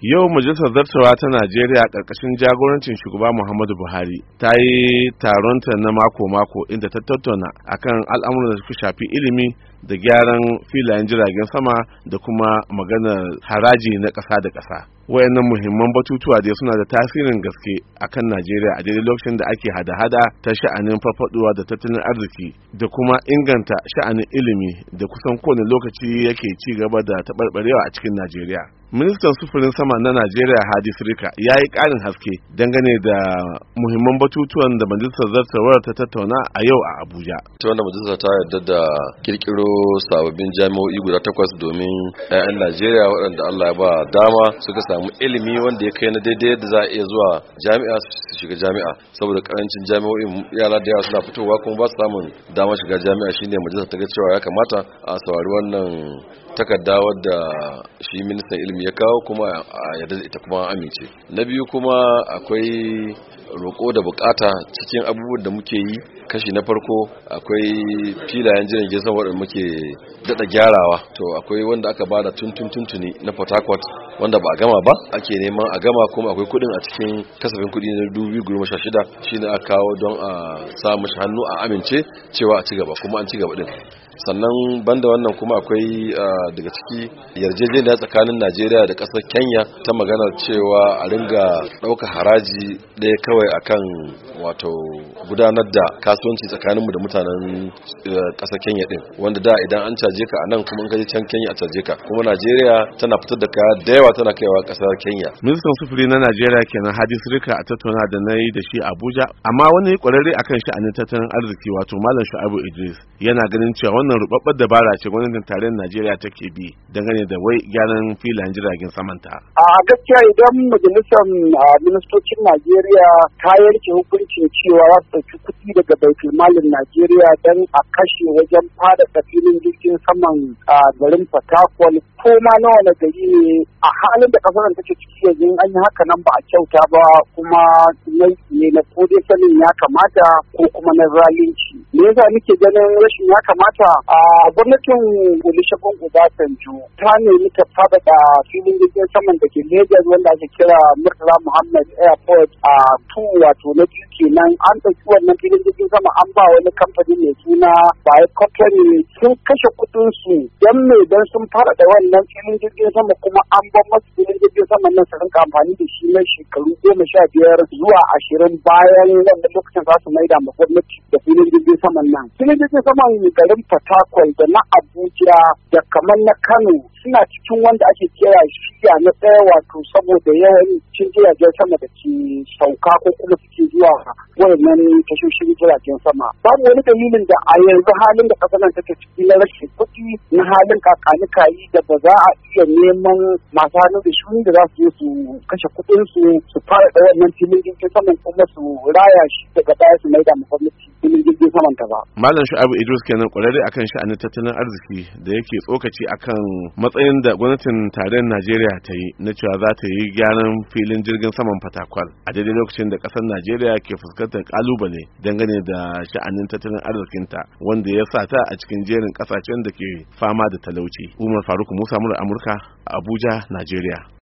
yau majalisar zartawa ta najeriya ƙarƙashin jagorancin shugaba muhammadu buhari ta yi taronta na mako-mako inda ta tattauna akan al'amuran da suka shafi ilimi da gyaran filayen jiragen sama da kuma maganar haraji na ƙasa da ƙasa wayannan muhimman batutuwa dai suna da tasirin gaske akan najeriya a daidai lokacin da ake hada-hada ta sha'anin farfaduwa da tattalin arziki da kuma inganta sha'anin ilimi da kusan kowane lokaci yake ci gaba da taɓarɓarewa a cikin najeriya ministan sufurin sama na najeriya hadi sirika ya yi ƙarin haske dangane da muhimman batutuwan da majalisar zartarwar ta tattauna a yau a abuja ta wanda majalisar ta yarda da kirkiro sababbin jami'o'i guda takwas domin 'ya'yan Najeriya waɗanda Allah ya ba dama suka samu ilimi wanda ya kai na daidai da za a iya zuwa jami'a su shiga jami'a saboda karancin jami'o'i yara da yawa suna fitowa kuma ba su samun dama shiga jami'a shine majalisa ta ga cewa ya kamata a saurari wannan takarda wadda shi ministan ilimi ya kawo kuma a yadda ita kuma amince na biyu kuma akwai roƙo da bukata cikin abubuwan da muke yi kashi na farko akwai filayen jiragen sama wadda muke daɗa gyarawa to akwai wanda aka ba da tuntuni na port wanda ba a gama ba ake neman a gama kuma akwai kuɗin a cikin kasafin kuɗi na dubu goma sha shida shine aka kawo don a sa mashi hannu a amince cewa a ci gaba kuma an ci gaba din sannan banda wannan kuma akwai ah, daga ciki yarjejeniya tsakanin najeriya da ƙasar kenya ta maganar cewa a ringa ɗauka haraji ɗaya kawai akan wato gudanar da kasuwanci tsakaninmu da mutanen eh, ƙasar kenya din. wanda da idan an caje ka a nan kuma in ka can kenya a caje ka kuma najeriya tana fitar da kaya da yawa tana kaiwa ƙasar kenya ministan sufuri na najeriya kenan hadi sirika a tattauna da na yi da shi abuja amma wani kwararre akan sha'anin tattalin arziki wato malam shu'abu idris yana ganin cewa wannan rubabbar dabara ce gwamnatin tarayyar Najeriya take bi dangane da wai gyaran filayen jiragen samanta. A gaskiya idan majalisar ministocin Najeriya ta yanke hukuncin cewa za su ɗauki kuɗi daga baitul malin Najeriya dan a kashe wajen fada filin jirgin saman garin Fatakwal ko ma na wani gari ne a halin da kasar take ciki yanzu an yi haka nan ba a kyauta ba kuma ne na ko dai sanin ya kamata ko kuma na zalunci. Me yasa nake ganin rashin ya kamata a gwamnatin Olusegun Obasanjo ta nemi ta da filin jirgin saman da ke Lagos wanda ake kira Murtala Muhammad Airport a tu wato na biyu kenan an ɗauki wannan filin jirgin sama an ba wani kamfani mai suna bai Company sun kashe kuɗin su dan me dan sun fara da wannan filin jirgin sama kuma an ba masu filin jirgin sama nan su rinka amfani da shi na shekaru goma sha biyar zuwa ashirin bayan wannan lokacin za su maida ma gwamnati da filin jirgin saman nan. Filin jirgin saman garin fata Takwal, da na Abuja da kamar na Kano suna cikin wanda ake kira shiya na ɗaya wato saboda yawancin jiragen sama da ke sauka ko kuma suke zuwa wannan tashoshin jiragen sama. Babu wani dalilin da a yanzu halin da ƙasar nan take ciki na rashin kuɗi na halin kakanikayi da ba za a iya neman masu hannu da shuni da za su yi su kashe kuɗinsu su fara da wannan filin jirgin saman kuma su raya shi daga baya su maida mu gwamnati. filin jirgin saman ta ba. Malam Shu'abu Idris kenan kwararre akan sha'anin tattalin arziki da yake tsokaci akan matsayin da gwamnatin tarayyar Najeriya ta yi na cewa za ta yi gyaran filin jirgin saman Fatakwal a daidai lokacin da ƙasar Najeriya ke fuskantar kalubale dangane da sha'anin tattalin arzikinta wanda ya sa ta a cikin jerin ƙasashen da ke fama da talauci. Umar Faruk Musa Amurka a Abuja, Najeriya.